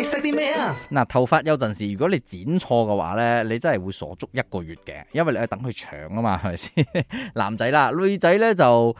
你識啲咩啊？嗱，頭髮有陣時，如果你剪錯嘅話咧，你真係會傻足一個月嘅，因為你係等佢長啊嘛，係咪先？男仔啦，女仔咧就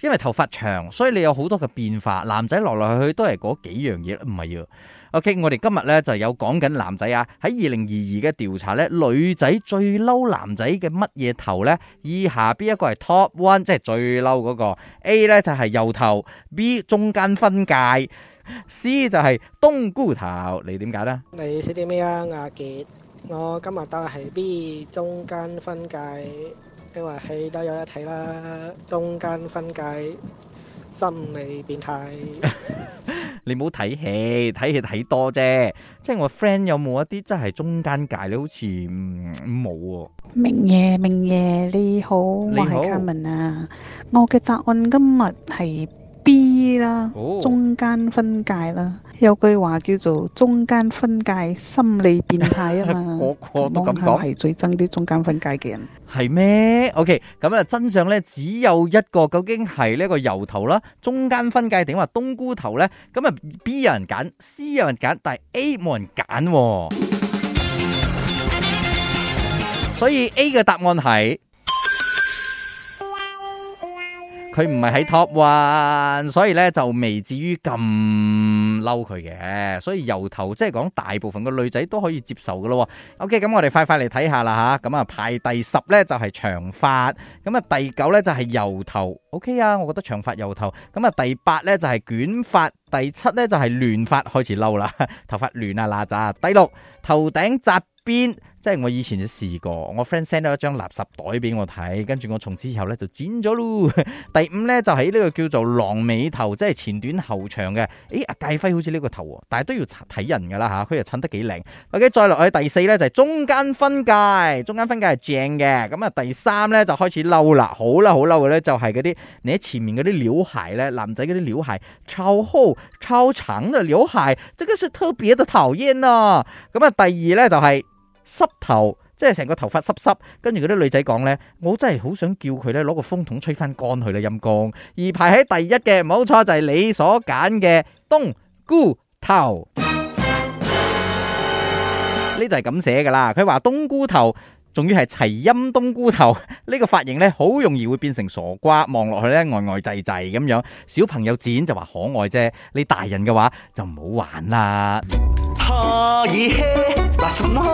因為頭髮長，所以你有好多嘅變化。男仔來來去去都係嗰幾樣嘢，唔係要。OK，我哋今日咧就有講緊男仔啊。喺二零二二嘅調查咧，女仔最嬲男仔嘅乜嘢頭咧？以下邊一個係 Top One，即係最嬲嗰個 A 咧就係右頭，B 中間分界。C 就係冬菇頭，你點解咧？你識啲咩啊？阿杰，我今日都係 B 中間分界，你話戲都有得睇啦，中間分界心理變態。你唔好睇戲，睇戲睇多啫。即係我 friend 有冇一啲即係中間界，你好似冇哦。明爺明爺你好，你好，我係嘉文啊，我嘅答案今日係。Oh. 中間分界啦，有句話叫做中間分界心理變態啊嘛，個個都咁講，係最憎啲中間分界嘅人，係咩？OK，咁啊真相呢，只有一個，究竟係呢一個油頭啦，中間分界定話冬菇頭呢，咁啊 B 有人揀，C 有人揀，但係 A 冇人揀， 所以 A 嘅答案係。佢唔係喺 top one，所以咧就未至於咁嬲佢嘅。所以由頭即係講大部分個女仔都可以接受噶咯。OK，咁我哋快快嚟睇下啦吓。咁啊，排第十咧就係、是、長髮，咁啊第九咧就係、是、油頭。OK 啊，我覺得長髮油頭。咁、就是就是、啊，啊，第八咧就係捲髮，第七咧就係亂髮，開始嬲啦，頭髮亂啊，嗱喳。第六頭頂紮。邊即係我以前就試過，我 friend send 咗一張垃圾袋俾我睇，跟住我從此以後咧，就剪咗咯。第五咧就喺、是、呢個叫做狼尾頭，即係前短後長嘅。誒、欸，阿介輝好似呢個頭，但係都要睇人噶啦吓，佢又襯得幾靚。ok，再落去第四咧就係、是、中間分界，中間分界係正嘅。咁啊，第三咧就開始嬲啦，好啦好嬲嘅咧就係嗰啲你喺前面嗰啲劉海咧，男仔嗰啲劉海超厚超長嘅劉海，即個是特別的討厭啊。咁啊，第二咧就係、是。濕頭，即係成個頭髮濕濕，跟住嗰啲女仔講呢，我真係好想叫佢呢攞個風筒吹翻乾佢啦陰公。而排喺第一嘅冇錯就係、是、你所揀嘅冬菇頭，呢 就係咁寫噶啦。佢話冬菇頭仲要係齊陰冬菇頭，呢、這個髮型呢，好容易會變成傻瓜，望落去呢呆呆滯滯咁樣。小朋友剪就話可愛啫，你大人嘅話就唔好玩啦。